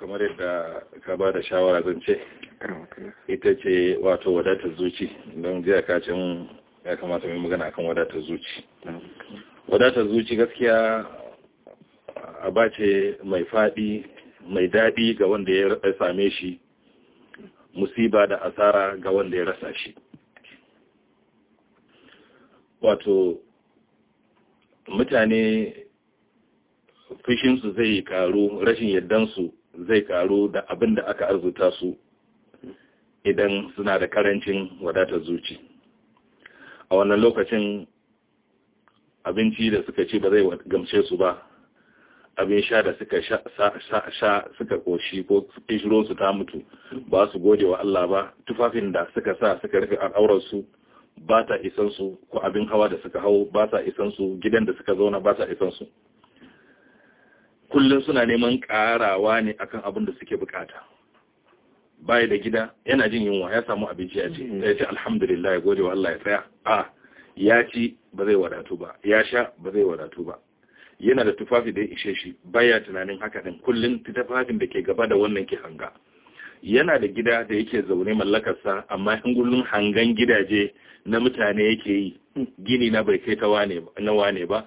kamar yadda ka ba da shawara zan ce ita ce wato wadatar zuci don jiya kacin ya kamata mai magana kan wadatar zuci wadatar zuci gaskiya aba ce mai faɗi mai daɗi ga wanda ya same shi musiba da asara ga wanda ya rasa shi wato mutane fushinsu zai karu rashin yardansu zai karu da abin da aka arzuta su idan suna da karancin wadatar zuci a wannan lokacin abinci da suka ci ba zai gamshe su ba abin sha da suka sha suka koshi ko ishiro su ta mutu ba su gode wa Allah ba tufafin da suka sa suka rufe al'aurarsu ba ta isansu ko abin hawa da suka hau ba ta isansu gidan da suka zauna ba ta isansu kullum suna neman ƙarawa ne akan abin da suke bukata bai da gida yana jin yunwa ya samu abinci ya ci mm. ya ce alhamdulillah ya gode wa Allah ya tsaya a ya ci ba zai wadatu ba ya sha ba zai wadatu ba yana da tufafi da ya ishe shi baya tunanin haka din kullum tufafin da ke gaba da wannan ke hanga yana da gida da yake zaune mallakarsa amma in gullun hangan gidaje na mutane yake yi mm. gini na bai kai ta wane ba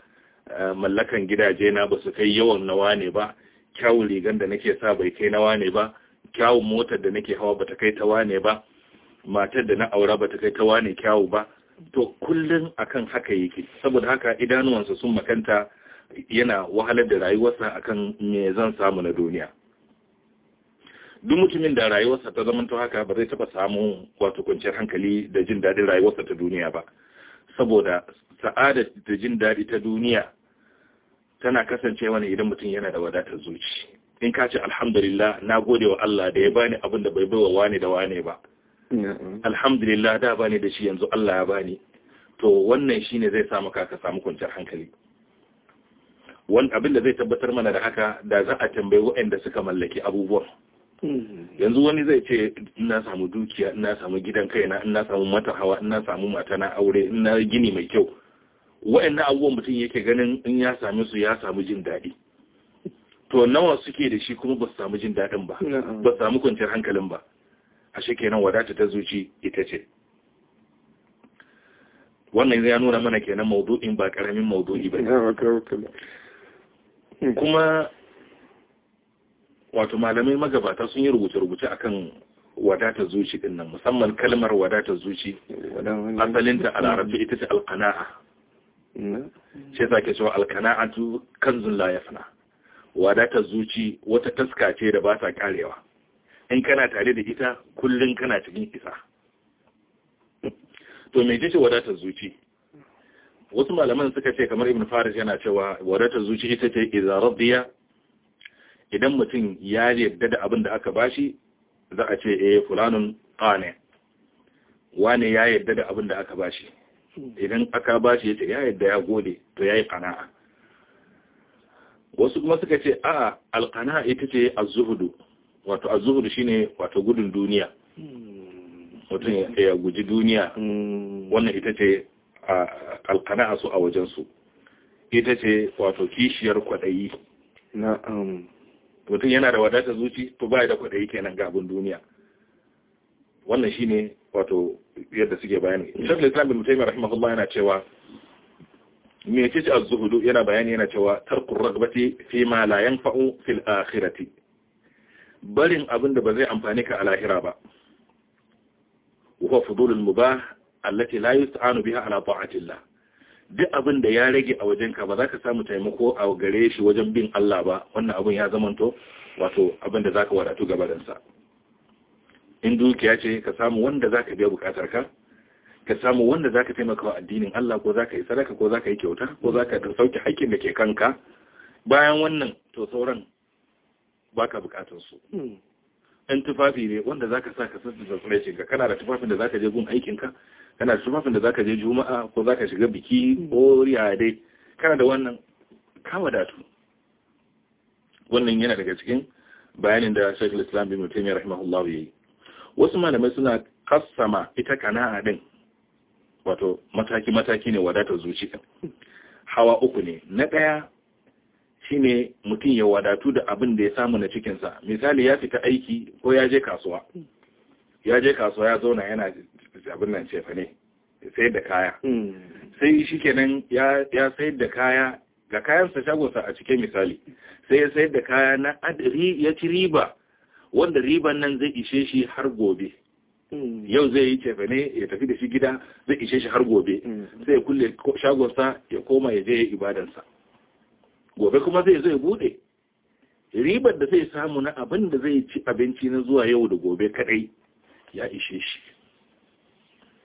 Eh, mallakan gidaje na ba su kai yawan nawa ne ba kyawun rigan da nake sa bai kai nawa ne ba kyawun motar da nake hawa ba ta kai tawa ne ba matar da na aura ba ta kai tawa ne kyawu ba to kullum akan haka yake saboda haka idanuwansa sun makanta yana wahalar da rayuwarsa akan me zan samu na duniya duk mutumin da rayuwarsa ta zamanta haka ba zai taba samu wato kwanciyar hankali da jin daɗin rayuwarsa ta duniya ba saboda sa'ada da jin daɗi ta duniya tana kasancewa ne idan mutum yana da wadatar zuci in ka ce alhamdulillah na gode wa Allah da ya bani abin da bai bai wa wane da wane ba alhamdulillah da bani da shi yanzu Allah ya bani to wannan shine zai samu ka samu kwanciyar hankali wani abin da zai tabbatar mana da haka da za a tambayi waɗanda suka mallaki abubuwan mm-hmm. yanzu wani zai ce ina samu dukiya ina samu gidan kaina ina samu mata hawa ina samu mata na aure ina gini mai kyau na abubuwan mutum yake ganin in ya sami su ya samu jin daɗi to nawa suke da shi kuma ba su samu jin daɗin ba ba su samu kwanciyar hankalin ba a kenan wadata ta zuci ita ce wannan ya nuna mana kenan maudu'in ba ƙaramin maudu'i ba hmm. kuma wato malamai magabata sun yi rubuce-rubuce akan wadatar zuci din nan musamman kalmar wadatar zuci asalinta a ita ce alqana'a Mm. shi ke cewa alkana'atu kanzun la yafna wadatar zuci wata taska ce da ba ta karewa in kana tare da ita kullum kana cikin isa to me ce wadatar zuci wasu malaman suka ce kamar ibn faris yana cewa wadatar zuci ita ce idza idan mutum ya yarda da abin da aka bashi za a ce eh fulanun qani wane ya yarda da abin da aka shi. idan aka ba shi ya yadda ya gode to ya yi ƙana'a wasu kuma suka ce a alƙana'a ita ce azuhudu wato azuhudu shine wato gudun duniya mutum ya guji duniya wannan ita ce alƙana'a su a wajensu ita ce wato kishiyar kwaɗayi mutum yana da wadatar zuci to ba da kwaɗayi kenan ga duniya wannan shine wato yadda suke bayani shakul islam bin mutaimin rahimahullah yana cewa me ce az-zuhudu yana bayani yana cewa tarkur ragbati fi ma la yanfa'u fil akhirati barin abin da ba zai amfani ka a lahira ba wa fudulul mubah allati la yusta'anu biha ala llah duk abin da ya rage a wajen ka ba za ka samu taimako a gare shi wajen bin Allah ba wannan abin ya zamanto wato abin da zaka wadatu gabadansa in dukiya ce ka samu wanda za ka biya bukatar ka ka samu wanda za ka taimaka wa addinin Allah ko za ka yi sadaka ko za ka yi kyauta ko za ka sauke haƙƙin da ke kanka bayan wannan to sauran ba ka bukatunsu ɗan hmm. tufafi ne wanda za ka sa ka sassu da shiga kana da tufafin da za ka je gun aikinka kana da tufafin da za ka je juma'a ko za ka shiga biki hmm. ko dai kana da wannan kawa datu wannan yana daga cikin bayanin da shaikul islam bin mutum ya rahimahullahu ya yi wasu malamai suna kassama ita kana'a din wato mataki-mataki ne wadatar zuciya hawa uku ne na ɗaya shine mutum ya wadatu da abin da ya samu na cikinsa misali ya fita aiki ko ya je kasuwa ya je kasuwa ya zauna yana abin nan cefa ne Sai da kaya hmm. sai shi kenan ya sayar da kaya ga kayansa shagonsa a cikin misali sai ya sayar da kaya na adiri ya ci riba wanda riban nan zai ishe shi har gobe hmm. yau zai yi cefa ne ya tafi da shi gida zai ishe shi har gobe sai hmm. ya kulle shagonsa ya koma ya je ibadansa gobe kuma zai zai bude ribar da zai samu na abin da zai ci abinci na zuwa yau da gobe kadai ya ishe shi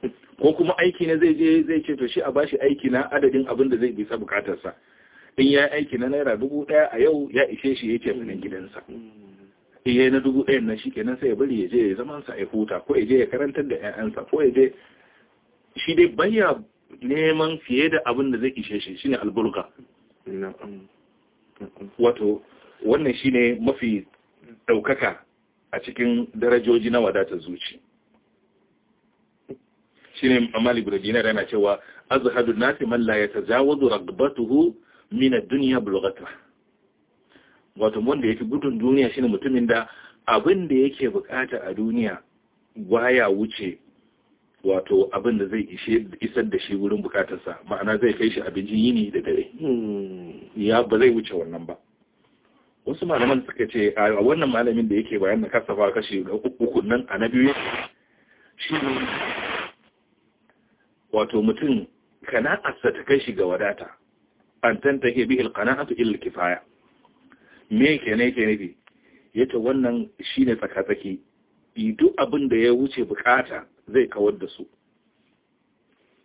ko kuma aiki na zai je zai ce to shi a bashi aiki na adadin abin da zai bisa bukatarsa in ya aiki na naira dubu daya a yau ya ishe shi ya ce gidansa hmm. iya na dubu ɗayan nan shi kenan sai ya bari ya je ya zama sa ya huta ko ya je ya karantar da 'ya'yansa ko ya je shi dai baya neman fiye da abin da zai ishe shi shine alburga wato wannan shine mafi ɗaukaka a cikin darajoji na wadatar zuci shine amali burjina yana cewa azhadu nasi man la yatajawazu ragbatuhu min ad-dunya bulghatuhu wato wanda yake gudun duniya shine mutumin da abin da yake bukata a duniya waya wuce wato abin da zai isar da shi wurin bukatarsa ma'ana zai kai shi abinci yini da dare hmm. ya ba zai wuce wannan ba wasu malaman suka ce a wannan malamin da yake bayan na kasafa kashi uku nan a na biyu shi wato mutum kana asa ta kai shi ga wadata an tantake bihil kana'atu illa kifaya me ke ne ke nufi yace wannan shine tsakatsaki idu abin da ya wuce bukata zai kawar da su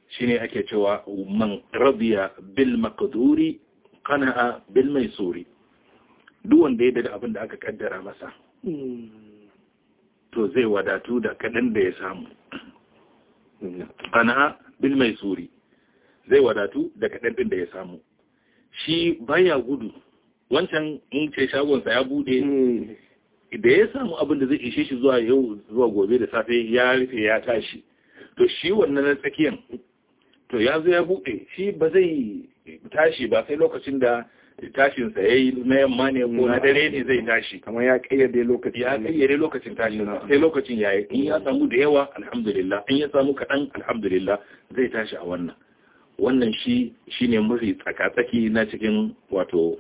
shine ake cewa man radiya bil maqduri qana'a bil maisuri duk wanda ya da abin da aka kaddara masa to zai wadatu da kadan da ya samu qana'a bil maisuri zai wadatu da kadan da ya samu shi baya gudu wancan in ce shagonsa ya bude hmm. da ya samu abin da zai ishe shi zuwa yau zuwa gobe da safe ya rufe ya tashi to shi wannan na tsakiyan to ya zo ya bude shi ba zai tashi ba sai lokacin da tashinsa ya yi na yamma ne ko na dare ne zai tashi kamar ya kayyade lokacin ya kayyade sai lokacin ya yi in ya samu da yawa alhamdulillah in ya samu kaɗan alhamdulillah zai tashi a wannan wannan shi shine mafi tsaka tsaki na cikin wato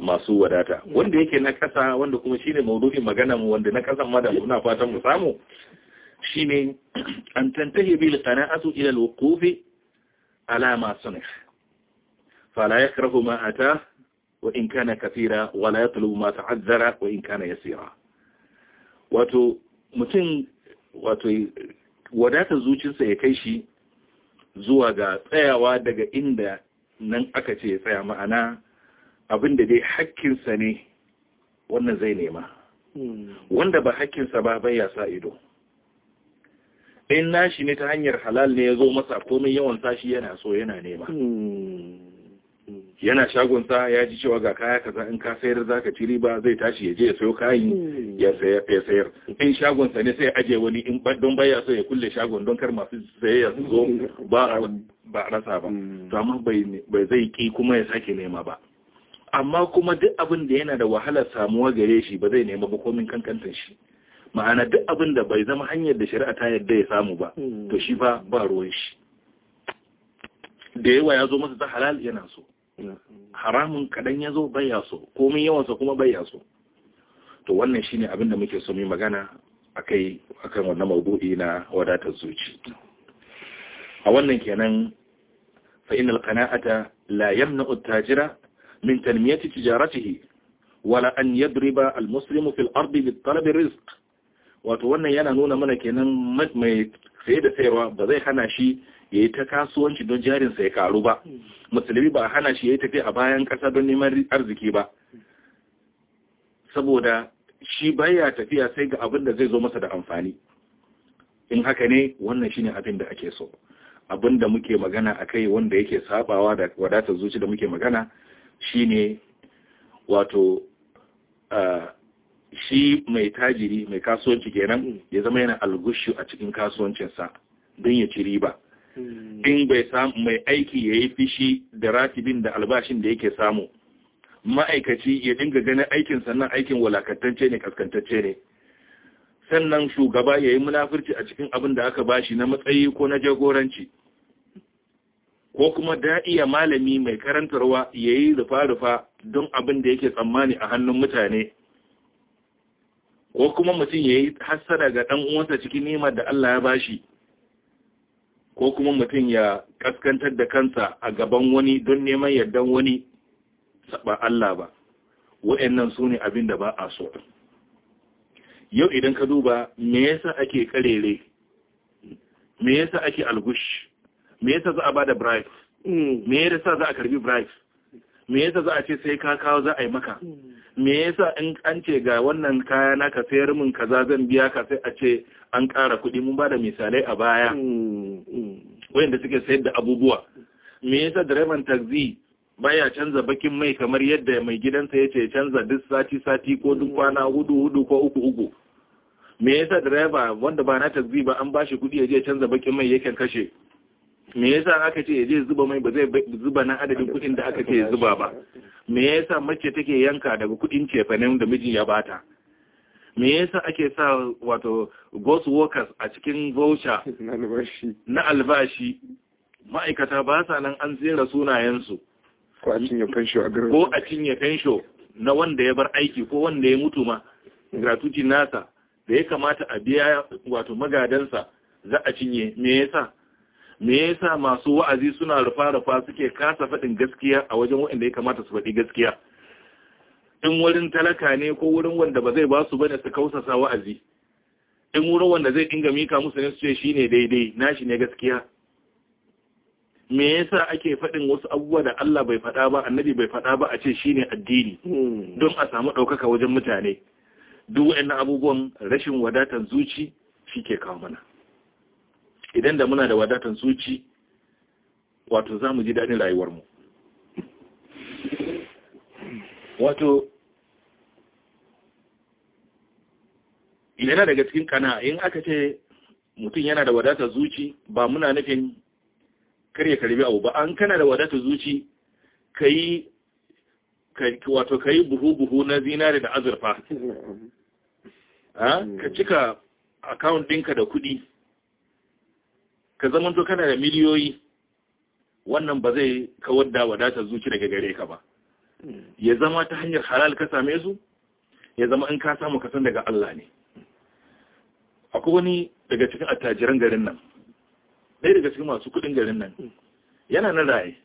masu wadata wanda yake na kasa wanda kuma shine maudu'in magana mu wanda na kasan ma da muna fatan mu samu shine an tantahi bil qana'atu ila al wuqufi ala ma sunnah fala yakrahu ma ata wa in kana kathira wa la yatlubu ma ta'azzara wa in kana yasira wato mutum wato wadata zuciyarsa ya kai shi zuwa ga tsayawa daga inda nan aka ce tsaya ma'ana abinda dai hakkinsa ne wannan zai nema hmm. wanda ba hakkinsa ba bai ya sa ido in nashi ne ta hanyar halal ne ya zo masa komai yawan sashi yana so yana nema hmm. Hmm. yana sa, ya ji cewa ga kaya kaza in ka sayar za ka ciri ba, zai tashi ya je ya sayo kayan ya sayar in sa ne sai aje wani in don baya so ya kulle shagon don kar masu sayayya su zo ba a rasa ba to amma bai zai ki kuma ya sake nema ba amma kuma duk abin da yana da wahalar samuwa gare shi ba zai nemi ba komin kankantar shi ma'ana duk abin da bai zama hanyar da shari'a ta yadda ya samu ba hmm. to shi fa ba ruwan shi da yawa ya zo masa ta halal yana so hmm. haramun kadan ya zo bai ya so komin yawansa kuma bai ya so to wannan shine abin da muke so mai magana a kan wannan maudu'i na wadatar zuci a wannan kenan fa kana'ata la yamna'u من تنمية تجارته ولا أن يضرب المسلم في الأرض بالطلب الرزق وتوانا يانا نونا منا كينا مجمع سيدة سيروا بذي حنا شي ya yi ta kasuwanci don jarinsa ya karu ba musulmi ba hana shi ya yi tafiya a bayan kasa don neman arziki ba saboda shi baya tafiya sai ga abin da zai zo masa da amfani in haka ne wannan shine abin da ake so abin da muke magana akai wanda yake sabawa da wadatar zuci da muke magana shine wato shi mai tajiri mai kasuwanci kenan ya zama yana algushu a cikin kasuwancinsa don ya ci riba hmm. in bai samu mai aiki ya yi fishi da ratibin da albashin da yake samu ma'aikaci ya dinga ganin aikin sannan aikin walakantacce ne kaskantacce ne sannan shugaba ya yi munafurci a cikin abin da aka bashi na matsayi ko na jagoranci ko kuma da iya malami mai karantarwa ya yi rufa-rufa don abin da yake tsammani a hannun mutane ko kuma mutum ya yi hassada ga 'dan uwansa cikin nimar da Allah ya bashi ko kuma mutum ya kaskantar da kansa a gaban wani don neman yardan wani ba Allah ba wa'annan su ne abin da ba a so yau idan ka duba me yasa ake karere me yasa ake algush me yasa za a bada bribe eh. me yasa za a karbi bribe me yasa za a ce sai ka kawo za a yi maka hmm. me yasa in an ce ga wannan kaya na ka sayar min kaza zan biya ka sai a ce an ƙara kuɗi mun bada misalai a baya hmm. Hmm. wayanda suke sayar da abubuwa me yasa direban taxi baya canza bakin mai kamar yadda mai gidansa ya ce canza duk sati sati ko duk kwana hudu hudu ko uku uku me yasa direba wanda ba na taxi ba an bashi kuɗi ya je canza bakin mai yake kashe me yasa aka ce ya je zuba mai ba zai zuba na adadin kudin da aka ce zuba ba me yasa mace take yanka daga kudin cefanen da miji ya bata me yasa ake sa wato ghost workers a cikin voucher na albashi ma'aikata ba sa nan an tsira sunayensu ko cinye fensho ko a cinye fensho na wanda ya bar aiki ko wanda ya mutu ma gratuity nasa da ya kamata a biya wato magadansa za a cinye me yasa me yasa masu wa'azi suna rufa-rufa suke kasa faɗin gaskiya a wajen waɗanda ya kamata su faɗi gaskiya in wurin talaka ne ko wurin wanda ba zai ba su bane su kausasa wa'azi in wurin wanda zai dinga mika musu ne su ce shine daidai nashi ne gaskiya me yasa ake faɗin wasu abubuwa da Allah bai faɗa ba annabi bai faɗa ba a ce shine addini hmm. don a samu ɗaukaka wajen mutane duk waɗannan abubuwan rashin wadatar zuci shi ke kawo mana idan da muna da wadatan zuci wato za mu ji daɗin rayuwarmu wato yana daga cikin kana in aka ce mutum yana da wadatar zuci ba muna nufin karya karbi abu ba an kana da wadatar zuci ka yi wato ka yi buhu-buhu na zinari da azurfa ah, ka cika akawun ɗinka da kuɗi ka zamanto to kana da miliyoyi wannan ba zai kawar da wadatar zuci daga gare ka ba ya zama ta hanyar halal ka same su ya zama in ka samu kasan daga Allah ne akwai wani daga cikin attajiran garin nan ɗaya daga cikin masu kuɗin garin nan yana nan raye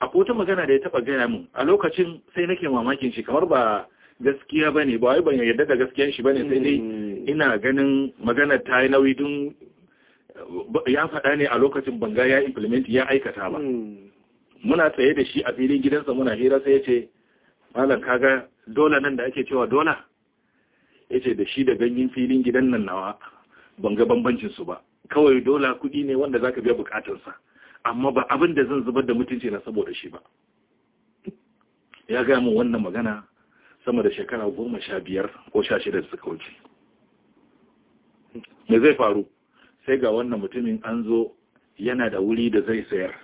akwai wata magana da ya taɓa gaya min a lokacin sai nake mamakin shi kamar ba gaskiya bane ba wai ban yarda da gaskiyan shi bane sai dai hmm. ina ganin magana ta yi nauyi dun ya faɗa ne a lokacin banga ya implement ya aikata ba muna tsaye da shi a filin gidansa muna hira sai ya ce malam kaga dola nan da ake cewa dola ya ce da shi da ganyen filin gidan nan nawa banga ga bambancin su ba kawai dola kuɗi ne wanda za ka biya bukatunsa amma ba abin da zan zubar da mutunci na saboda shi ba ya gaya min wannan magana sama da shekara goma sha biyar ko sha shida da suka wuce me zai faru sai ga wannan mutumin an zo yana da wuri da zai sayar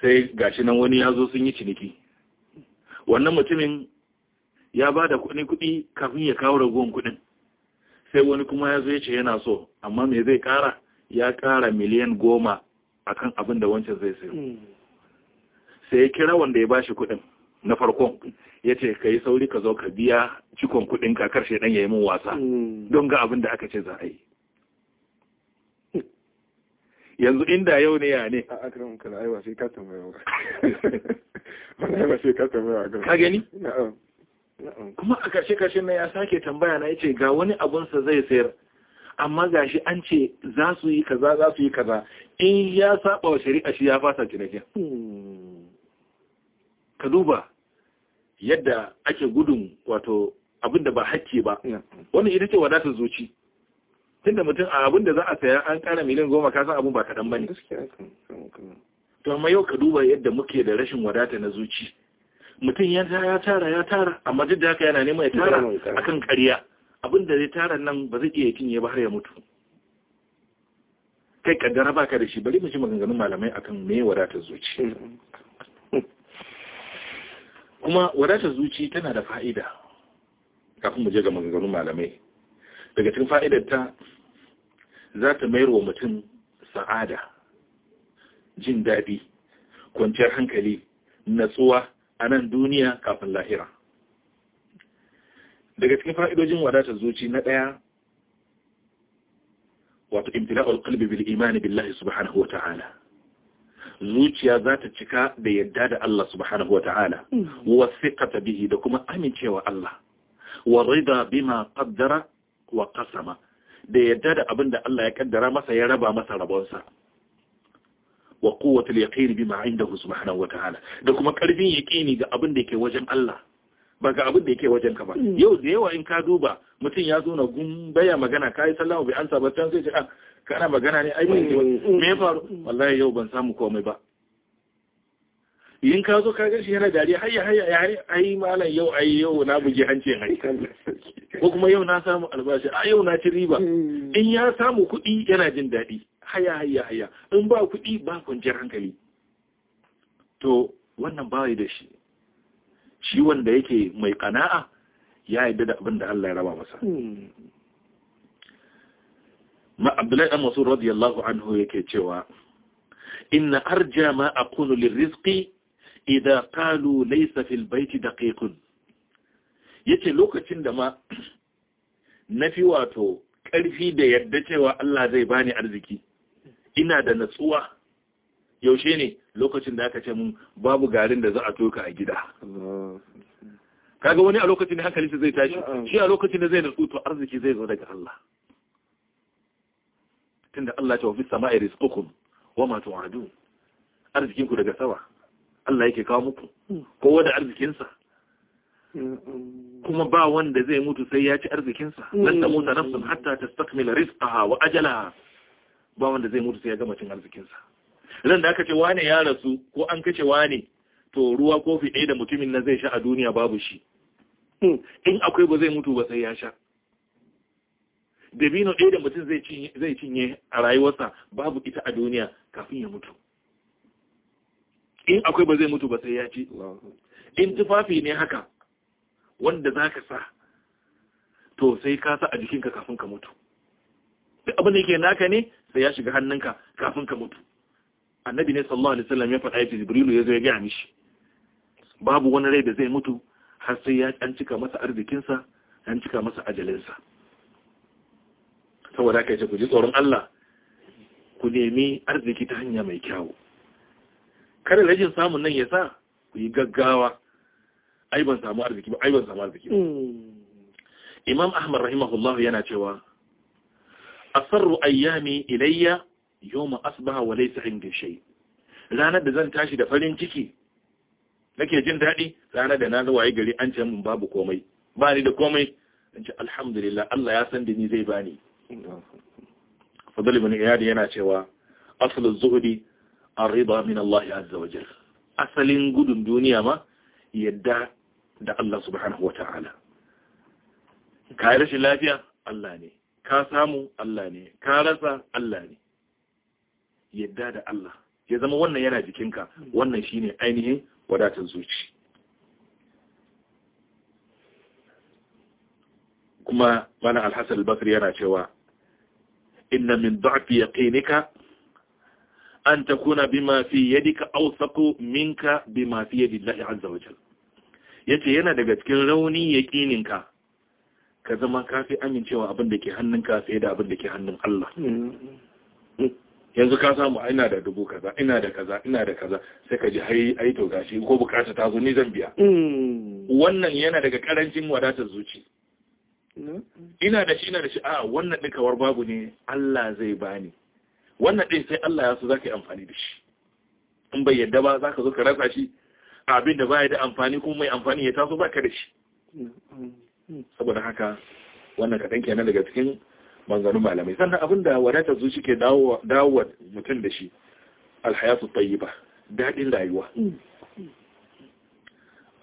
sai ga shi nan wani ya zo sun yi ciniki wannan mutumin ya ba da kuɗi kuɗi kafin ya kawo ragowar kuɗin, sai wani kuma ya zo ya ce yana so amma mai zai kara ya kara miliyan goma a kan abin da wancan zai sayo hmm. sai ya kira wanda ya ba shi kuɗin na farkon ya ce ka yi sauri ka zo ka biya cikon kuɗin ka karshe dan ya yi min wasa hmm. don ga abin da aka ce za a yi yanzu inda yau ne ya ne kuma a karshe karshe na ya sake tambaya na ce ga wani abunsa zai sayar amma ga shi an ce za su yi kaza za su yi kaza in ya saba wa shari'a shi ya fasa cinikin ka duba yadda ake gudun wato abin ba hakki ba wani ita ce wadatar zuci tunda mutum a abin da za a saya an kara miliyan goma kasan abin ba kaɗan ba ne to amma yau ka duba yadda muke da rashin wadata na zuci mutum ya tara ya tara amma duk da haka yana neman ya tara a kan ƙarya abin da zai tara nan ba zai iya cinye ba har ya mutu kai ba baka da shi bari mu ji maganganun malamai akan me wadatar zuci mm, mm, mm. kuma wadatar zuci tana da fa'ida kafin mu je ga maganganun malamai daga cikin fa'idar ta za ta mayar wa mutum sa'ada jin daɗi kwanciyar hankali natsuwa a nan duniya kafin lahira daga cikin fa'idojin wadatar zuci na ɗaya wato imtila'ul qalbi bil imani billahi subhanahu wata'ala zuciya za ta cika da yadda da Allah subhanahu wata'ala wa thiqata mm. bihi da kuma amincewa Allah wa rida bima qaddara wa qasama da yadda da abin da Allah ya kaddara masa ya raba masa rabonsa wa quwwatul yaqin bima indahu subhanahu wataala da kuma karfin yaqini ga abin da yake wajen Allah ba ga abin da yake wajen ka ba mm. yau da yawa in ka duba mutum ya zo na gumbaya magana kai sallahu bi ansa ba tan sai ce ah, kana magana ne ai mm, mm, me faru wallahi yau ban samu komai ba in ka zo ka ga shi yana dariya hayya hayya ya hari ai malam yau ai yau na buge hancin hai ko kuma yau na samu albashi a yau na ci riba hmm. in ya samu kuɗi yana jin daɗi hayya hayya hayya in ba kuɗi ba kwanciyar hankali to wannan ba da shi shi wanda yake mai kana'a ya yi da abin Allah ya raba masa hmm. ma abdullahi dan masu radiyallahu anhu yake cewa inna arja ma aqulu lirrizqi idan kalu laisa fil baiti daqiqun yace lokacin da ma nafi wato ƙarfi da yadda cewa Allah zai bani arziki ina da natsuwa yaushe ne lokacin da aka ce mun babu garin da za a toka a gida kaga wani a lokacin da hankali zai tashi shi a lokacin da zai natsu to arziki zai zo daga Allah tunda Allah ya ce wa fis sama'i rizqukum wa ma tu'adun arzikin ku daga sama Allah yake kawo muku kowa da arzikinsa kuma ba wanda zai mutu sai ya ci arzikinsa lan ta mutu nafsun hatta tastakmila rizqaha wa ajalaha ba wanda zai mutu sai ya gama cin arzikinsa ran da aka ce wane ya rasu ko an kace wane to ruwa kofi ɗaya da mutumin na zai sha a duniya babu shi in akwai ba zai mutu ba sai ya sha dabino ɗaya da mutum zai cinye a rayuwarsa babu ita a duniya kafin ya mutu in akwai ba zai mutu ba sai ya ci in tufafi ne haka wanda za ka sa to sai ka sa a jikinka kafin ka mutu duk abin da yake naka ne sai ya shiga hannunka kafin ka mutu annabi ne sallallahu alaihi wasallam ya faɗa ce, jibrilu ya zo ya gaya mishi babu wani rai da zai mutu har sai ya an cika masa arzikinsa an cika masa ajalinsa saboda ka ce ku ji tsoron Allah ku nemi arziki ta hanya mai kyau kada rajin samun nan ya sa ku yi gaggawa ai samu arziki ba samu arziki hmm. imam ahmad rahimahullah yana cewa a asarru ayyami ilayya yau asbaha wa laisa inda shai ranar da zan tashi da farin ciki nake jin daɗi ranar da na zo gari an ce min babu komai ba ni da komai in ce alhamdulillah Allah ya san da ni zai bani fadl ibn yana cewa asalin zuhudi arriba min Allah azza asalin gudun duniya ma yadda da Allah subhanahu wa ta'ala ka yi rashin lafiya Allah ne ka samu Allah ne ka rasa Allah ne yadda da Allah ya zama wannan yana jikinka wannan shine ainihin wadatar zuci kuma mana alhassan albasri yana cewa inna min da'fi yaqinika an takuna bima fi yadika awsaqu minka bima fi yadillahi azza wajal yace yana daga cikin rauni ƙininka ka zama kafi amincewa abin da ke hannunka sai da abin da ke hannun Allah yanzu ka samu ina da dubu kaza ina da kaza ina da kaza sai ka ji hai ai to gashi ko bukata ta zo ni zan biya wannan yana daga karancin wadatar zuci hmm. ina da shi ina da shi a wannan dukawar babu ne Allah zai bani wannan ɗin sai Allah ya su za ka yi amfani da shi in bai yadda ba za ka zo ka rasa shi abin da ba ya da amfani kuma mai amfani ya taso ka da shi saboda haka wannan kaɗan kenan daga cikin manzannin malamai sannan abin da wadatar zuci ke dawo mutum da shi alhayatu tayyiba daɗin rayuwa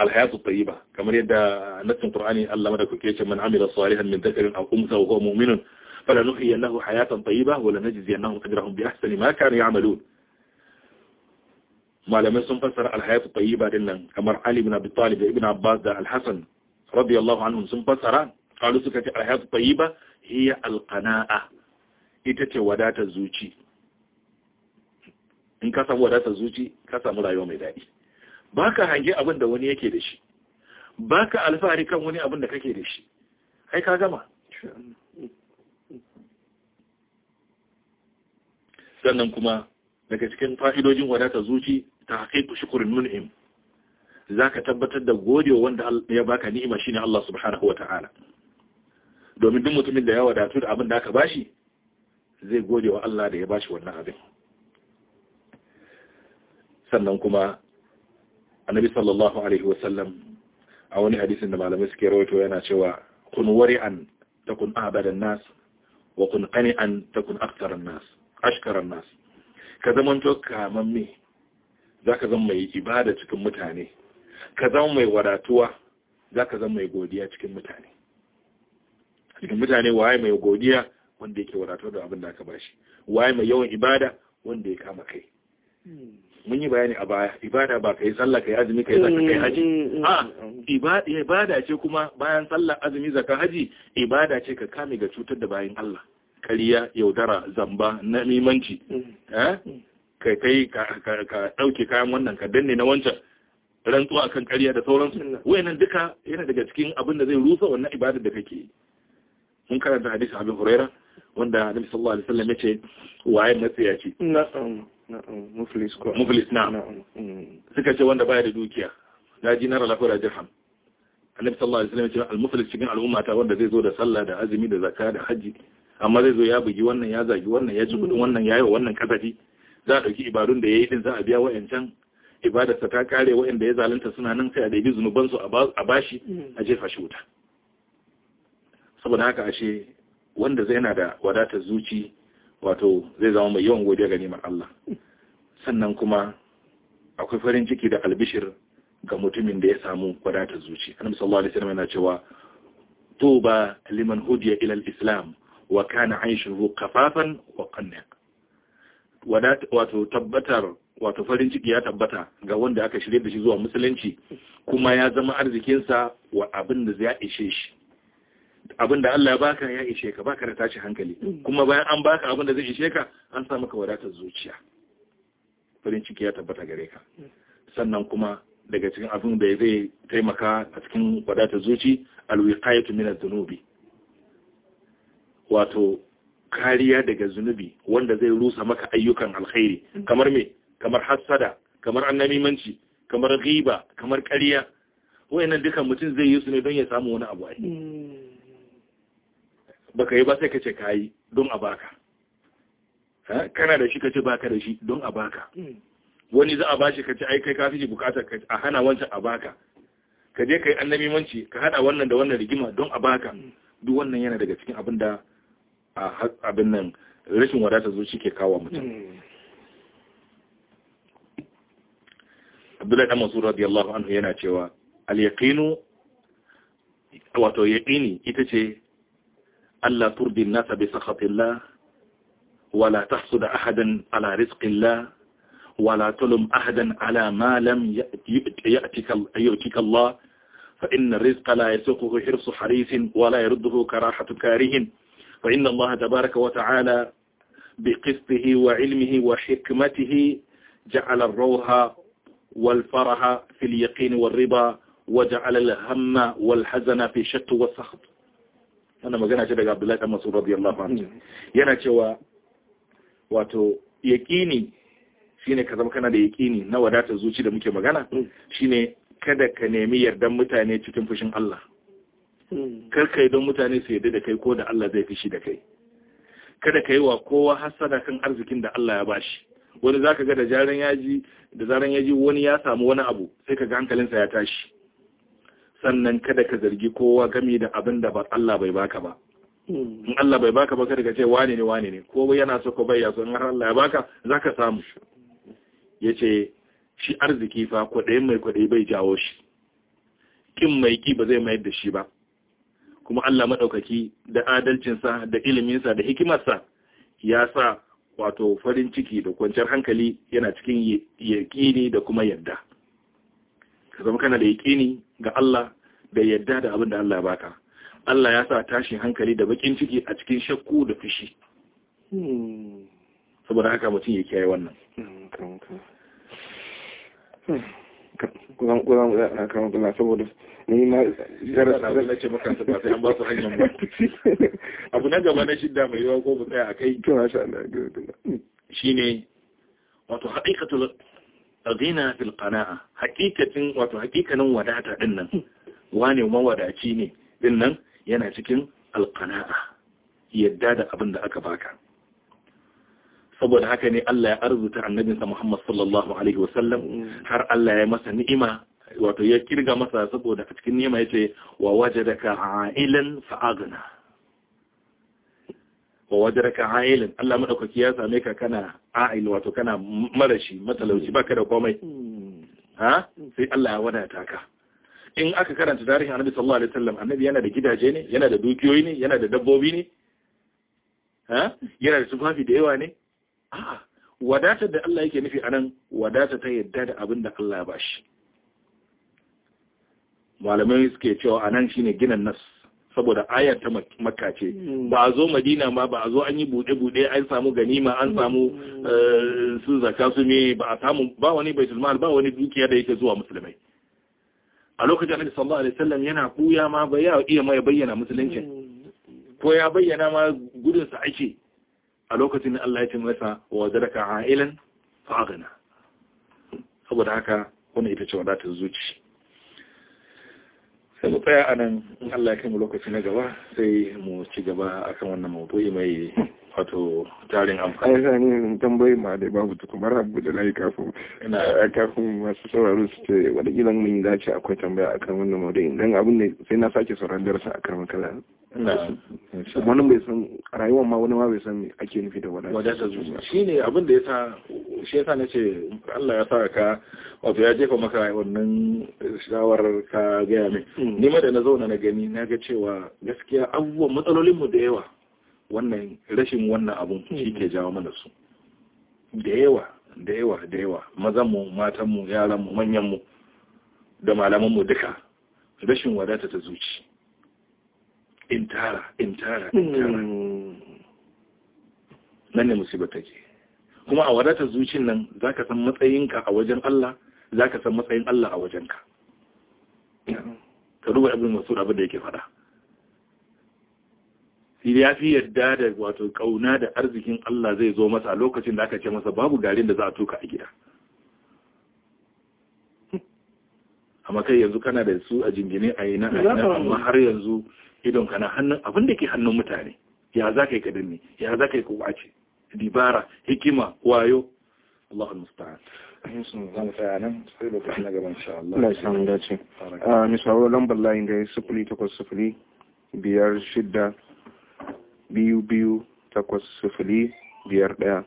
alhayatu tayyiba kamar yadda nassin qur'ani Allah madaukake ce man amila salihan min dhakarin aw unsa wa huwa فلنحي أنه حياة طيبة ولنجزي أنهم أجرهم بأحسن ما كانوا يعملون ما لم يسم فسر الحياة الطيبة لنا أمر علي بن أبي طالب ابن عباس الحسن رضي الله عنه سم فسر قالوا سكة الحياة الطيبة هي القناعة إتتوادة الزوجي in ka samu wadatar zuci ka samu rayuwa mai daɗi baka hange abin da wani yake da shi baka alfahari kan wani sannan kuma daga cikin fa'idojin wadata zuci ta haƙiƙu shukurin mun'im za ka tabbatar da godewa wanda ya baka ni'ima shine Allah subhanahu Ta'ala, domin duk mutumin da ya wadatu da abin da aka bashi zai gode wa Allah da ya bashi wannan abin sannan kuma annabi sallallahu alaihi wasallam a wani hadisin da malamai suke rawaito yana cewa kun wari'an takun abadan nas wa kun qani'an takun aktharan nas ashkaran nas ka zamanto kamamme zaka zama mai ibada cikin mutane ka zama mai wadatuwa zaka zama mai godiya cikin mutane cikin mutane waye mai godiya wanda yake wadatuwa da abin da aka bashi waye mai yawan ibada wanda ya kama kai mun yi bayani a baya ibada ba kai sallah kai azumi kai zakka kai haji mm, a ah, mm, mm, ibada ibada ce kuma bayan sallah azumi zakka haji ibada ce ka kame ga cutar da bayin Allah ƙariya yaudara zamba namimanci mm. eh? ka kai ka dauke kayan wannan ka danne na wancan rantsuwa akan kariya da sauransu mm. wayannan duka yana daga cikin abin da zai rusa wannan ibada da kake mun karanta hadisi abin huraira wanda annabi sallallahu alaihi wasallam yace waye matsiyaci na'am na'am muflis ko muflis mm. suka ce wanda baya da dukiya ya ji nara da dirham annabi sallallahu alaihi wasallam yace al-muflis cikin al'umma ta wanda zai zo da sallah da azumi da zakka da haji amma zai zo ya bugi wannan ya zagi wannan ya ci kudin wannan ya yi wannan kasafi za a ɗauki ibadun da ya yi din za a biya wa'yancan ibadarsa ta kare wa'yanda ya zalunta suna nan sai a zunuban su a bashi a jefa shi wuta saboda haka ashe wanda zai yana da wadatar zuci wato zai zama mai yawan godiya ga neman Allah sannan kuma akwai farin ciki da albishir ga mutumin da ya samu wadatar zuci annabi sallallahu alaihi wasallam yana cewa tuba liman hudiya ila al-islam wa kana aishuhu kafafan wa wato tabbatar wato farin ciki ya tabbata ga wanda aka shirye da shi zuwa musulunci kuma ya zama arzikinsa wa abin da zai ishe shi abin da Allah ya baka ya ishe ka baka da tashi hankali kuma bayan an baka abin da zai ishe ka an sa maka wadatar zuciya farin ciki ya tabbata gare ka sannan kuma daga cikin abin da zai taimaka a cikin wadatar zuci alwiqayatu min adh-dhunubi wato kariya daga zunubi wanda zai rusa maka ayyukan alkhairi kamar me kamar hassada kamar annamimanci kamar ghiba kamar ƙarya wayannan dukan mutum zai yi su ne don ya samu wani abu ai hmm. baka yi ba sai kace kai don a baka ha kana da shi kace baka da shi don a baka hmm. wani za a bashi kace ai kai kafi shi bukatar ka a hana wancan a baka ka je kai annamimanci ka hada wannan da wannan rigima don a baka hmm. duk wannan yana daga cikin abin da abin nan rashin wadata zo shi ke kawo mutum abdullahi dan mansur radiyallahu anhu yana cewa al-yaqinu wato yaqini ita ce Allah turdi nasa bi sakhatillah wa la tahsud ahadan ala rizqillah wa la tulum ahadan ala ma lam ya'tika ya'tika Allah fa inna ar-rizqa la yasuquhu hirsu harisin wala yarduhu karahatu karihin فإن الله تبارك وتعالى بقصته وعلمه وحكمته جعل الروح والفرح في اليقين والرضا وجعل الهم والحزن في شك والسخط أنا ما قلنا شيء عبد الله مسعود رضي الله عنه yana cewa واتو yaqini shine ka zama kana da yaqini na wadatar zuci da muke magana shine kada ka nemi yardan mutane cikin fushin Allah kar kai don mutane su yarda da kai ko da Allah zai fishi da kai kada ka yi wa kowa hasada kan arzikin da Allah ya bashi wani zaka ga da jaran yaji da zaran yaji wani ya samu wani abu sai ka ga hankalinsa ya tashi sannan kada ka zargi kowa gami da abin da ba Allah bai baka ba hmm. in Allah bai baka ba kada ka ce wane ne wane ne ko yana so ko bai ya so in har Allah ya baka zaka samu yace shi arziki fa kwaɗayin mai kwaɗayi bai jawo shi kin mai ƙi ba zai mayar da shi ba kuma Allah maɗaukaki da adalcinsa da iliminsa da hikimarsa ya sa wato farin ciki da kwanciyar hankali yana cikin yaƙini da kuma yadda ka zama kana da yaƙini ga Allah da yadda da abin da Allah baka Allah ya sa tashin hankali da bakin ciki a cikin shakku da fushi hmm. saboda haka mutum ya kiyaye wannan hmm, kusan kusan kan kula saboda ni na jarar da ce maka ba sai an ba su hanyar ba abu na gaba na shidda mai yawa ko mu tsaya a kai to masha Allah shine wato haqiqatul ghina fil qana'a haqiqatin wato haqiqanin wadata din nan wane mawadaci ne din nan yana cikin al-qana'a. yadda da abin da aka baka saboda haka ne Allah ya arzuta annabinsa Muhammad sallallahu alaihi wasallam har Allah ya masa ni'ima wato ya kirga masa saboda a cikin ni'ima ce wa waje da ka ha'ilin fa'aduna wa waje da ka ha'ilin Allah maɗaukaki ya same ka kana a'il wato kana marashi matalauci baka da komai ha sai Allah ya wadata ka in aka karanta tarihin Annabi sallallahu alaihi wasallam Annabi yana da gidaje ne yana da dukiyoyi ne yana da dabbobi ne ha yana da tufafi da yawa ne a'a wadatar da Allah yake nufi anan wadatar ta yadda da abin da Allah ya bashi malamai suke cewa anan shine ginin nas saboda ayar ta makka ce hmm. ba a zo madina ma ba a zo an yi buɗe bude an samu ganima an hmm. samu eh, su zaka su me ba a samu ba wani baitul mal ba wani dukiya da yake zuwa musulmai a lokacin annabi sallallahu alaihi wasallam yana kuya ma ba ya iya mai bayyana musulunci hmm. ko ya bayyana ma gudun sa ake a lokacin da Allah ya ce masa wa zaraka ailan fa aghna saboda haka wani ita ce wadatar zuci sai mu tsaya anan in Allah ya kai mu lokaci na gaba sai mu ci gaba akan wannan maudu'i mai wato tarin amfani. Ai ne tambayi ma da babu kuma rabu da layi kafin kafin masu sauraro su ce wani ilan mun dace akwai tambaya akan wannan maudu'in dan abin ne sai na sake sauran darasa akan makala. Ah, wani bai san rayuwar ma wani ma bai san ake nufi da wadata. Wadata zuciya. Shi ne abin da ya sa shi ya sa na ce Allah ya sa ka wato ya jefa maka wannan shawarar ka gaya min. Hmm. Ni ma da na zauna na gani na ga cewa gaskiya abubuwan matsalolinmu da yawa wannan rashin wannan abun mm-hmm. shi ke jawo mana su da yawa da yawa da yawa mazanmu matanmu yaranmu manyanmu da malamanmu duka rashin wadata ta zuci in tara in tara in tara mm-hmm. nan ne musibar take kuma a wadatar zuci nan za ka san matsayinka a wajen Allah za ka san matsayin Allah a wajenka mm-hmm. ka duba abin masu abin da yake faɗa ya fi yadda da wato kauna da arzikin Allah zai zo masa a lokacin da aka ce masa babu garin da za a tuka a gida amma kai yanzu kana da su a jingine a yi na amma har yanzu idon kana hannun abin da ke hannun mutane ya za ka yi kadin ya za ka yi ce dibara hikima wayo Allah al-musta'an Allah ya samu dace. Ah, Misawo lambar layin da ya takwas sufuri biyar shidda biyu biyu takwas sufuri biyar ɗaya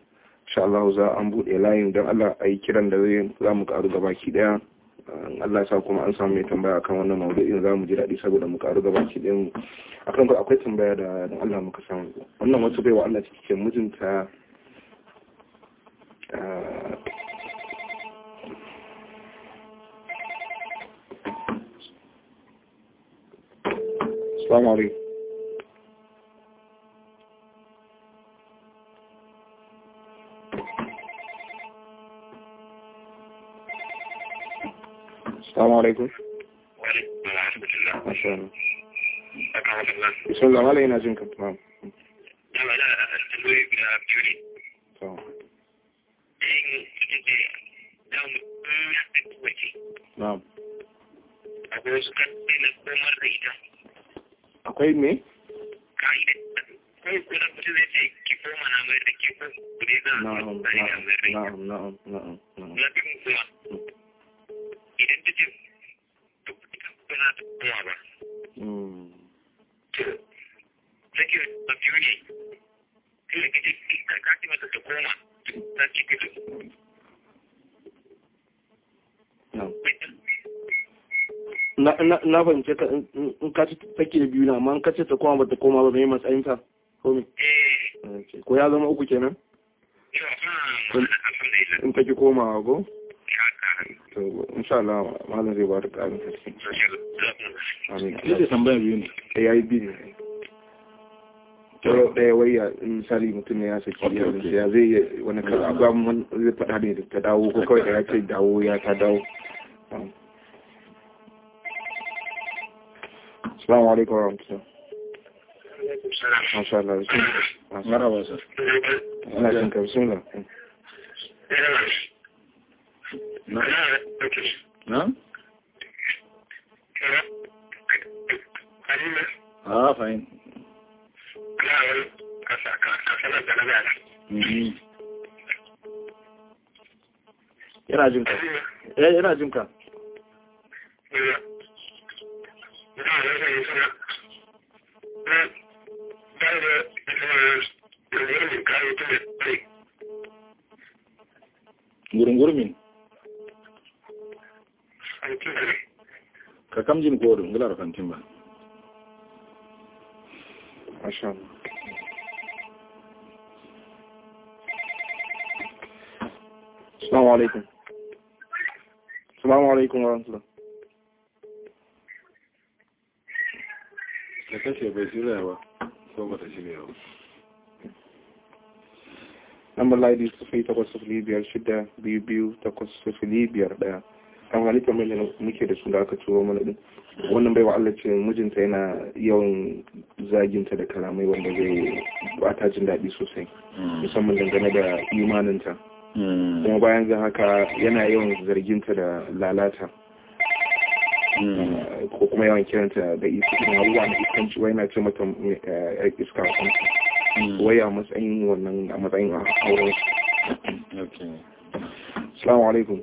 sha Allah za an buɗe layin don Allah a yi kiran da zai za mu ƙaru gaba ki ɗaya Allah sa kuma an samu mai tambaya akan wannan maudu'in za mu ji daɗi saboda mu ƙaru gaba ki daya mu akan ku akwai tambaya da Allah muka samu wannan wasu baiwa Allah ciki ke mijinta ah, Assalamu alaikum. السلام عليكم وعليكم ورحمة الله ما شاء الله الله الله نعم idan ta ce ba za ta kuma ba take da biyu ne kai da kake karkati mata ta koma ta ke ka ce na fahimce ka in ka ce take biyu na amma in ka ce ta koma ba ta koma ba mai matsayin ta ko me eh. ko ya zama uku kenan ta take komawa ko Uh, to insha Allah malam zai ba da ƙarin sarki amin zai tambaya biyu ne ya yi biyu ne taro ɗaya waya misali mutum ne ya saki ya zai wani kaza abuwa zai faɗa ne ta dawo ko kawai da ya ce dawo ya ta dawo salamu alaikum wa rahmatullahi masha Allah marhaba sir ina jin ka bismillah Na'am? Ah, mm-hmm. Yana jin ka. Eh, yana Gurin gurmin. ka kam jin kodin gula rafantin ba Assalamu alaikum. Assalamu alaikum wa rahmatullah. Da kashe bai shirya ba, ko ba ta shirya ba. Lambar Ladi 0805 biyar shida biyu biyu takwas biyar ɗaya. kan hali mai yadda muke da su da aka turo mana din wannan wa Allah ce mijinta yana yawan zaginta da kalamai wanda zai bata jin daɗi sosai hmm. musamman dangane da imaninta hmm. kuma bayan zan haka yana yawan zarginta da lalata hmm. eh, ko kuma yawan kiranta da iskan abubuwa na iskanci wai na ce mata eh, iska kwanci wai a matsayin wannan a matsayin auren su. alaikum.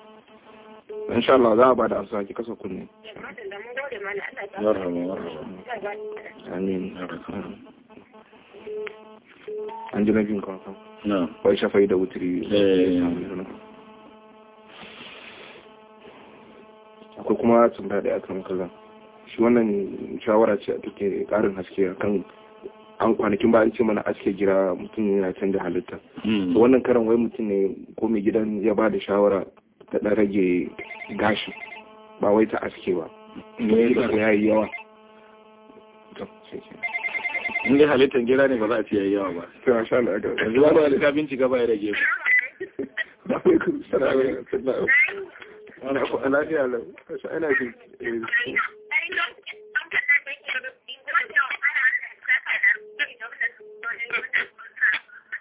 insha Allah za a ba da amsa ki kasa kunne amin an ji na bin kwanfa wai shafai da wutiri eh. akwai kuma tambaya da akan kaza shi wannan shawara ce a take ƙarin haske akan an kwanakin ba an ce mana aske gira mutum yana canja halitta hmm. wannan karan wai mutum ne ko mai gidan ya ba da shawara ta ɗan rage gashi ba wai ta aske ba ne ya yi yawa inda halittar gira ne ba za a ce yayi yawa ba to masha Allah ga yanzu zuwa da ka binci gaba ya rage ba kai kuma alaikum salam ana ku lafiya lau ina jin eh.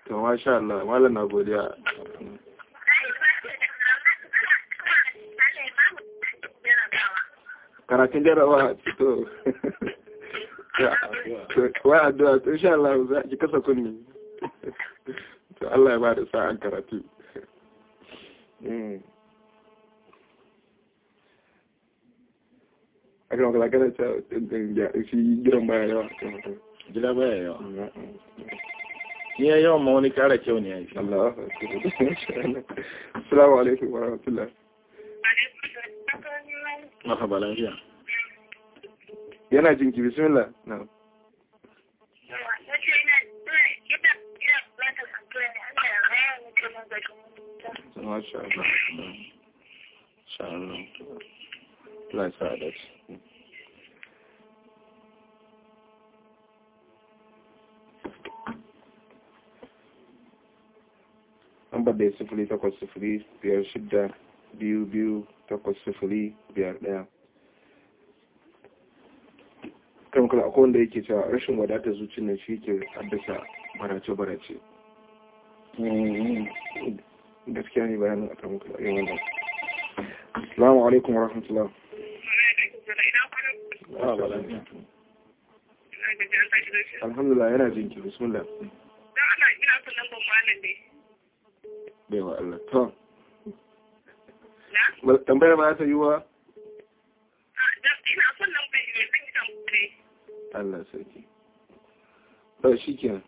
to masha Allah malam na godiya karatun jarabawa to wa addu'a to insha Allah za ki kasa kunni to Allah ya ba da sa'an karatu a hmm. kan wakala kana ta shi gidan baya yawa gida hmm. ni ya yawan ma wani kara kyau ne ya yi Allah Assalamu alaikum Mwakabal anje. Yon anjeng ti bisim la. Nan. San anjeng ti bisim la. Nan. San anjeng ti bisim la. Nan. Nan anjeng ti bisim la. Nan. Anba de sefli tako sefli. Peye yon sid da. An. biyu biyu takwas sufuri biyar ɗaya kan kula akwai wanda yake cewa rashin wadatar zuci na shi ke haddasa barace-barace hmm, gaskiya ne bayanin a kan kula yin eh, wannan assalamu alaikum wa rahmatullah alhamdulillah yana jinki bismillah don Allah ina son lambar malam ne bai wa Allah to tambayar ba ta ah, yi wa Allah sarki ba shi kenan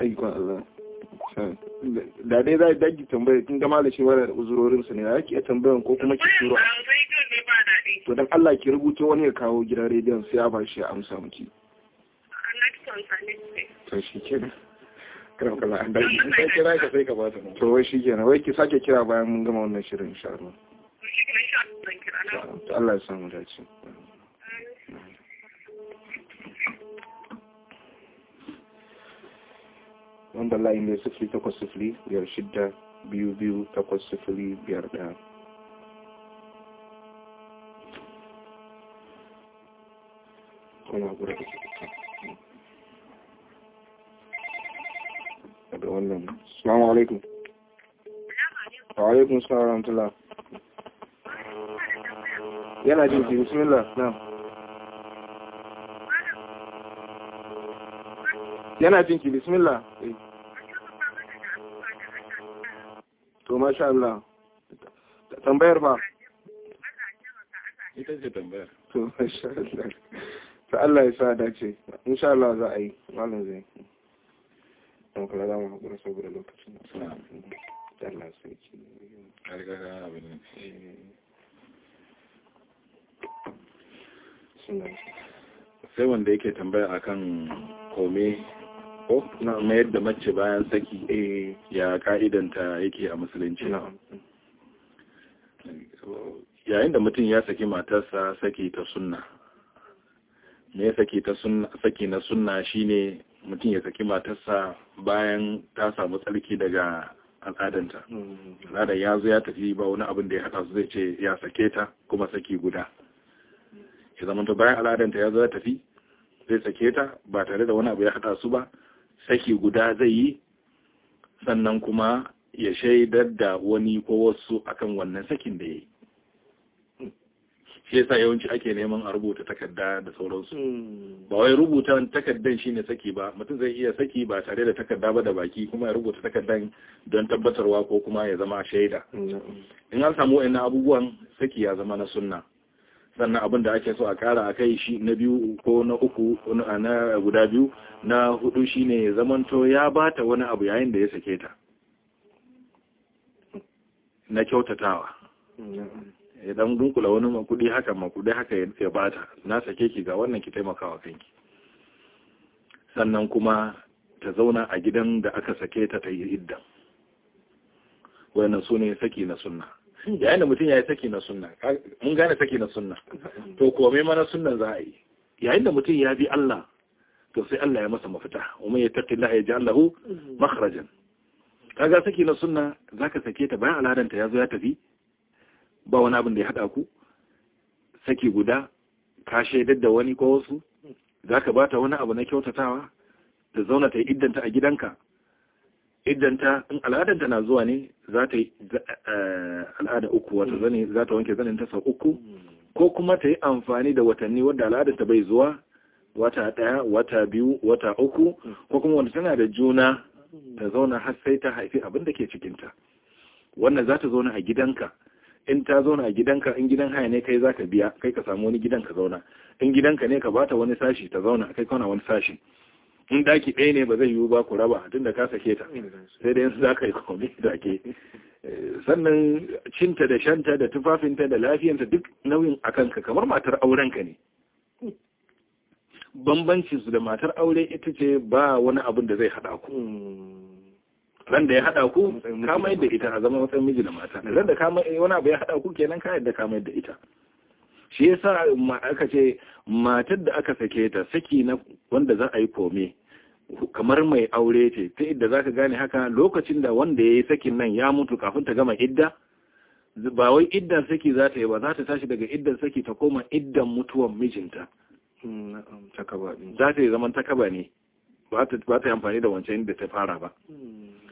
aikon Allah da dai za a dagi tambaya kin gama da shewara da uzurorinsu ne ya ke tambayar ko kuma ki turo to don Allah ki rubuta wani ya kawo gidan rediyon sai a ba shi amsa miki ah, to shi kenan kiran kallon an daji sai kira ka sai ka ba ta to wai shikenan wai ki sake kira bayan mun gama wannan shirin insha Allah to Allah ya samu dace wanda layin ne sifili takwas sifili biyar shidda biyu biyu takwas sifili biyar ɗaya kuma gura da da wannan salamu alaikum wa alaikum salamu alaikum yana jin ki bismillah na yana jin ki bismillah eh to masha Allah tambayar ba ita ce tambayar to masha Allah ta Allah ya sa dace insha Allah za a yi malam zai don kala za mu haƙura saboda lokacin Allah sai ki gargara abin sai wanda yake tambaya a kan kome ko na mayar da mace bayan saki eh. ya ka'idanta yake a musulunci yayin da mutum ya saki matarsa saki ta sunna ne saki na sunna shine mutum ya saki matarsa bayan ta samu tsarki daga al'adanta al'adar ya zo ya tafi ba wani abin da ya haɗa su zai ce ya sake ta kuma saki guda ya zamanta bayan al'adanta ya zo ya tafi zai sake ta ba tare da wani abu ya haɗa su ba saki guda zai yi sannan kuma ya shaidar da wani ko wasu akan wannan sakin da ya yi shi yasa yawanci ake neman a rubuta takarda da sauransu hmm. ba wai rubuta takardan shine saki ba mutum zai iya saki ba tare da takarda ba da baki kuma ya rubuta takardan don tabbatarwa ko kuma ya zama shaida hmm. in an samu wa'annan abubuwan saki ya zama na sunna sannan abin da ake so a kara a kai shi na biyu ko na uku na guda biyu na hudu shine ya zamanto ya bata wani abu yayin da ya sake ta hmm. na kyautatawa idan dunkula wani makudi haka makudi haka ya bata na sake ki ga wannan ki taimakawa kanki sannan kuma ta zauna a gidan da aka sake ta ta yi iddan wannan su ne saki na sunna yayin da mutum ya yi saki na sunna mun gane saki na sunna to komai mana sunnan za a yi yayin da mutum ya bi Allah to sai Allah ya masa mafita umma ya taqi Allah ya ji Allahu makhrajan kaga saki na sunna zaka sake ta bayan al'adanta ya zo ya tafi ba wani abin da ya haɗa ku saki guda ka shaidar da wani ko wasu za ka ba ta wani abu na kyautatawa ta zauna ta yi iddanta a gidanka iddanta in al'adanta na zuwa ne za ta yi eh, al'ada uku wata zane za ta wanke zanen ta sau uku ko kuma ta yi amfani da watanni wadda al'adanta bai zuwa wata ɗaya wata biyu wata uku ko kuma wanda tana da juna ta zauna har sai ta haifi abin da ke cikinta wannan za ta zauna a gidanka in ta zauna a gidanka in gidan haya ne kai zaka biya kai ka samu wani gidan ka zauna in gidanka ne ka bata wani sashi ta zauna kai kana wani sashi in daki ɗaya ne ba zai yiwu ba ku raba tunda ka sake ta sai da yanzu ka yi komai da ke sannan cinta da shanta da tufafinta da lafiyanta duk nauyin a kanka kamar matar aurenka ne bambancinsu da matar aure ita ce ba wani abun da zai haɗa ku hmm. ran da ya hada ku ka mai da ita a zama matsayin miji da mata ran da ka mai wani abu ya ku kenan ka yadda ka mai ita shi yasa aka ce matar da aka sake ta saki na wanda za a yi kome kamar mai aure ce ta idda za ka gane haka lokacin da wanda ya yi sakin nan ya mutu kafin ta gama idda ba wai iddan saki za ta yi ba za ta tashi daga iddan saki ta koma iddan mutuwan mijinta hmm, za ta yi zaman takaba ne ba ta yi amfani da wancan inda ta fara ba hmm.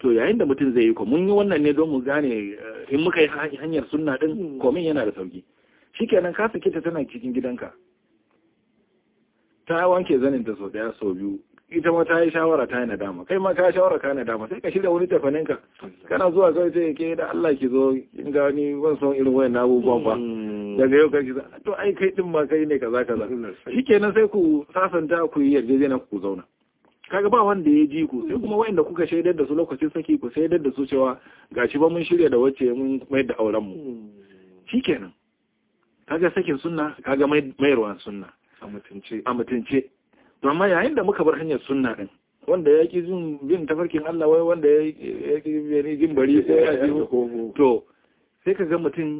to yayin da mutum zai yi ko mun yi wannan ne don mu gane eh, in muka yi hanyar sunna din hmm. komin yana da sauki shikenan ka sake ta tana cikin gidanka ta wanke zanin ta so daya sau biyu ita ma ta yi shawara ta yi nadama kai ma ka shawara ka nadama sai ka shirya wani tafanin ka kana zuwa kai sai ke da Allah ki zo in ga ni ban son irin wayan abubuwan ba hmm. daga yau kai to ai kai din ma kai ne kaza kaza shikenan sai ku sasanta ku yi yarjejena ku zauna kaga ba wanda ya ji ku sai kuma wayanda kuka shaidar da su lokacin saki ku shaidar da su cewa gashi ba mun shirya da wacce mun mai da auren mu hmm. shikenan kaga sakin sunna kaga ruwan sunna a mutunce a mutunce to amma yayin da muka bar hanyar sunna din wanda ya ki jin bin tafarkin Allah wai wanda ya ki jin bari ko ya ji to sai kaga mutum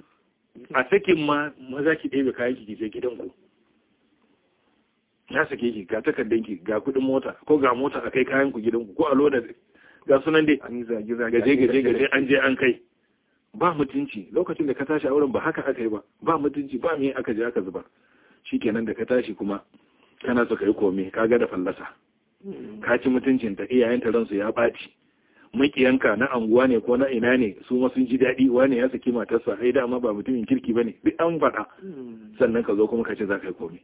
a sakin ma maza ki ɗebe kayan ki je gidan ku ya sake ki ga takardar ki ga kudin mota ko ga mota a kai kayan ku gidan ku ko a loda ga sunan dai an zage zage gaje gaje gaje an je an kai ba mutunci lokacin da ka tashi a wurin ba haka aka yi ba ba mutunci ba me aka je aka shi shikenan da ka tashi kuma kana so kai komai kaga da fallasa mm. ka ci mutuncin ta iyayen ta ransu ya baci makiyanka na anguwa ne ko na ina ne su ma sun ji daɗi wane ya saki matarsa ai dama ba mutumin kirki bane duk an faɗa mm. sannan ka zo kuma ka ce za ka yi komai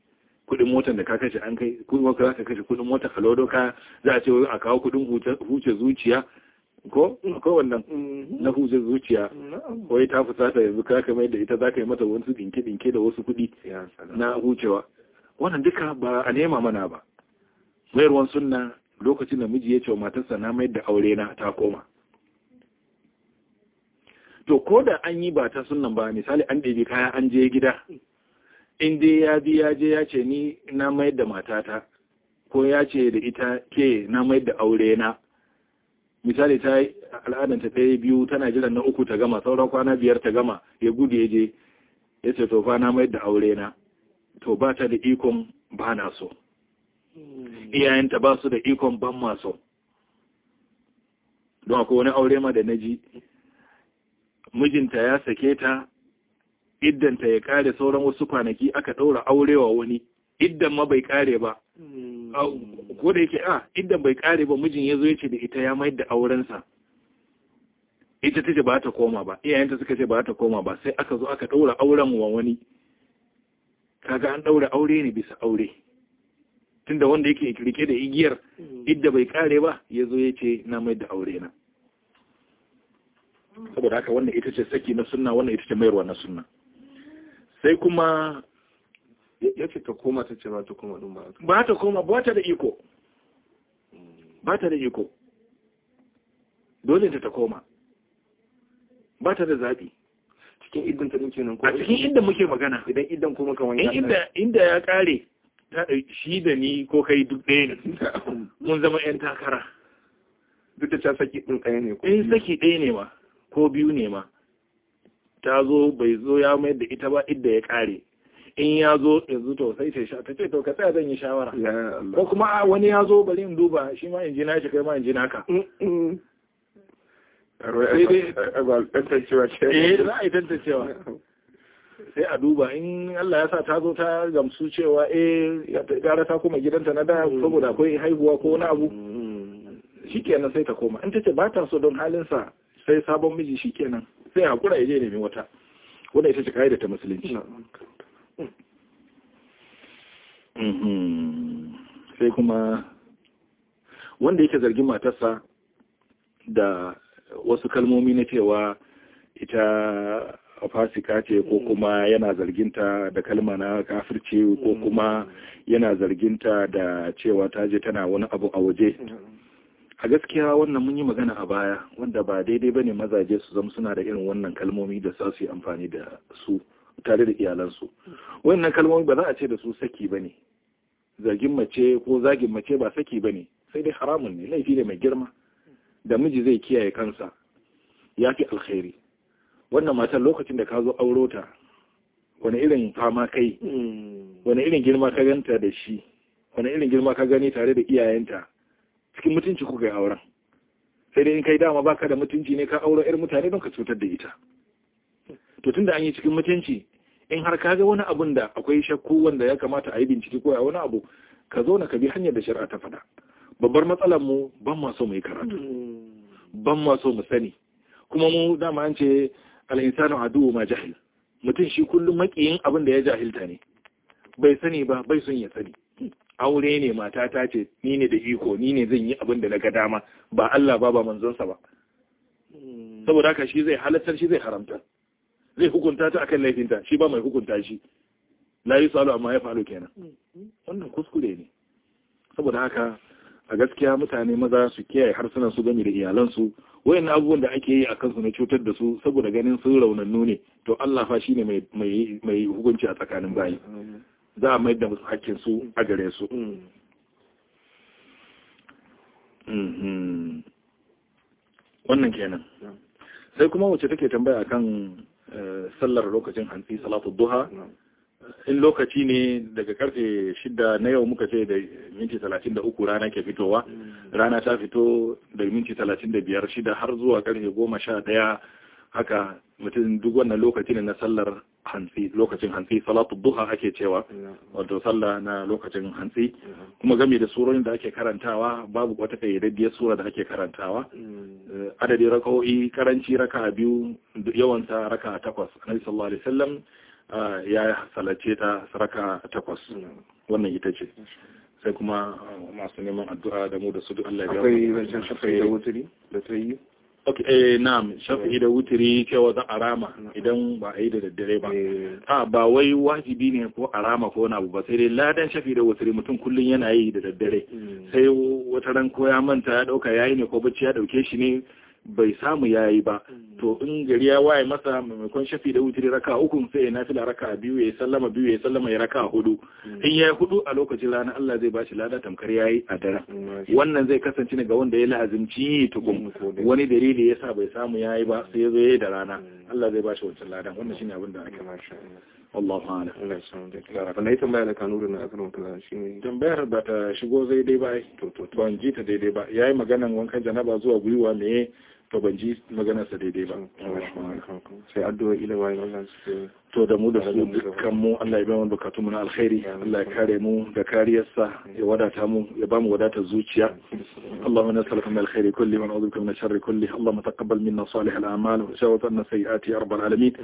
kudin motar da ka kashe an kai kuma za ka kashe kudin motar ka lodo ka za a ce a kawo kudin huce zuciya ko ko wannan mm-hmm. na huce zuciya wai ta fusata yanzu ka ka da ita za ka yi mata wani dinke dinke da wasu kudi na hucewa wannan duka ba a nema mana ba mayarwan sunna lokacin da miji ya ce wa matarsa na mayar da aure na ta koma to ko da an yi ba ta sunan ba misali an ɗebi kaya an je gida in dai ya bi ya je ya ce ni na mai da matata ko ya ce da ita ke na mai da aure na misali ta al'adar ta yi biyu tana jiran na uku ta gama sauran kwana biyar ta gama ya gudu ya je ya ce to fa na mai da aure na to ba ta da ikon ba na so iyayenta ba su da ikon ban maso don akwai wani aure ma da na ji mijinta ya sake ta iddanta ya kare sauran wasu kwanaki aka ɗaura aurewa wani iddan ma bai kare ba hmm. ko da yake a iddan bai kare ba mijin ya zo ya ce da ita ya mayar da aurensa ita ta ce ba ta koma ba iyayenta suka ce ba ta koma ba sai aka zo aka ɗaura auren wa wani kaga an ɗaura aure ne bisa aure tunda wanda yake rike da igiyar hmm. idda bai kare ba ya zo ya ce na mai da aure na hmm. saboda haka wannan ita ce saki na sunna wannan ita ce mayarwa na sunna sai kuma yake ta koma ta ce ba ta koma ɗin ba ba ta koma ba ta da iko mm. ba ta da iko dole ta ta koma ba ta da zaɓi cikin idan ta nuke nan ko a cikin idan muke magana idan idan kuma kan wani inda inda ya ƙare ta shi da ni ko kai duk ɗaya ne mun zama ƴan takara duk da ta saki ɗin ɗaya ne ko eh, saki ɗaya ne ma ko biyu ne ma ta zo bai zo ya mai da ita ba idda ya kare in ya zo yanzu to sai ta sha ta ce to ka tsaya zan yi shawara ko kuma a wani ya zo bari in duba shi ma in ji shi kai ma in ji naka mm, mm. sai a eh, sai a duba in Allah ya sa ta zo ta gamsu cewa eh gara ta koma gidanta na da mm. saboda akwai haihuwa ko wani abu shikenan sai ta koma in ta ce ba ta so don halinsa sai sabon miji shikenan sai a hakura ya je wata wanda ita ce kaida ta musulunci mm-hmm. sai kuma wanda yake zargin matarsa da wasu kalmomi na cewa ita fasika ce ko mm-hmm. kuma yana zarginta da kalma na kafirce ko mm-hmm. kuma yana zarginta da cewa ta je tana wani abu a waje a gaskiya wannan mun yi magana a baya wanda ba daidai bane mazaje su zama suna da irin wannan kalmomi da za su yi amfani da su tare da iyalansu wannan kalmomi ba za a ce da su saki bane zagin mace ko zagin mace ba saki bane sai dai haramun ne laifi ne mai girma da miji zai kiyaye kansa ya fi alkhairi wannan matan lokacin da ka zo auro ta wani irin fama kai hmm. wani irin girma ka ganta da shi wani irin girma ka gani tare da iyayenta cikin mutunci ku ga auren sai dai in kai dama baka da mutunci ne ka aure yar mutane don ka cutar da ita to tunda an yi cikin mutunci in har ka ga wani abu da akwai shakku wanda ya kamata a yi bincike ko a wani abu ka zauna ka bi hanyar da shari'a ta faɗa babbar matsalar mu ban ma mu yi karatu ban ma mu sani kuma mu dama an ce al-insanu aduwwu ma jahil mutum shi kullum makiyin abin da ya jahilta ne bai sani ba bai son ya sani aure ne matata ce ni ne da iko ni ne zan yi abin da na ga dama ba Allah ba ba manzonsa ba saboda haka shi zai halattar shi zai haramta zai hukunta ta akan laifinta shi ba mai hukunta shi la yi salo amma ya falo kenan wannan kuskure ne saboda haka a gaskiya mutane maza su kiyaye harsunan su game da su wayannan abubuwan da ake yi a kansu na cutar da su saboda ganin sun raunannu ne to Allah fa shine mai mai hukunci a tsakanin bayi za a mayar da hakkin su a gare su mm-hmm. wannan kenan sai kuma wacce take tambaya kan eh, sallar lokacin hantsi salatu duha in lokaci ne daga karfe shida na yau muka ce da minti talatin da uku rana ke fitowa mm. rana ta fito da minti talatin da biyar shida har zuwa karfe goma sha daya haka mutum duk wannan lokaci ne na sallar hantsi lokacin hantsi salatu duha ake cewa wato sallah na lokacin hantsi kuma game da surorin da ake karantawa babu wata kayyadaddiyar sura da ake karantawa eh, adadin raka'o'i karanci raka biyu yawansa raka takwas annabi sallallahu alaihi wasallam eh, ya salace ta raka takwas wannan ita ce sai kuma eh, masu neman addu'a da mu da su duk Allah ya akwai zancen da wuturi da ta yi eh na'am shafi'i eh. da wutiri cewa a arama idan ba a yi da daddare ba eh. a ba wai wajibi ne ko arama ko abu ba sai dai ladan shafi da wutiri mutum kullum yana yi da daddare mm. sai wata ran ko ya manta ya dauka yayi ne ko bacci ya dauke shi ne bai samu ya yi ba mm. to in gari ya waye masa maimakon shafi da wutiri raka uku sai ya nafila raka biyu ya sallama biyu ya sallama ya raka hudu mm. in ya hudu a lokacin rana Allah zai bashi lada tamkar yayi a dara. wannan zai kasance ne ga wanda ya lazimci tukun mm, wani dalili yasa bai samu yayi ba sai ya zo yayi da rana Allah zai bashi wancan ladan wannan shine abin da ake masha Allah ta'ala Allah ya samu da kira fa tambaya da kanuru na azumin kula shine tambayar ba ta shigo zai dai ba to to to an ji ta dai ba yayi maganan wankan janaba zuwa gwiwa me to ban ji maganarsa daidai ba sai addu'o'i da wayo Allah su to da mu da su dukkan mu Allah ya ba mu bukatu mu na alkhairi Allah ya kare mu da kariyarsa ya wadata mu ya ba mu wadata zuciya Allahumma nas'aluka min alkhairi kulli wa na'udhuka min sharri kulli Allahumma taqabbal minna salih al-a'mal wa shawwat anna sayyi'ati ya rabbal alamin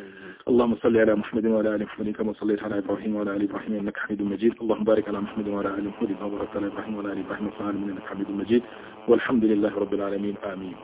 Allahumma salli ala Muhammad wa ala ali Muhammad kama sallaita ala Ibrahim wa ala ali Ibrahim innaka Hamidum Majid Allahumma barik ala Muhammad wa ala ali Muhammad wa barik ala Ibrahim wa ala ali Ibrahim innaka Hamidum Majid والحمد لله رب العالمين آمين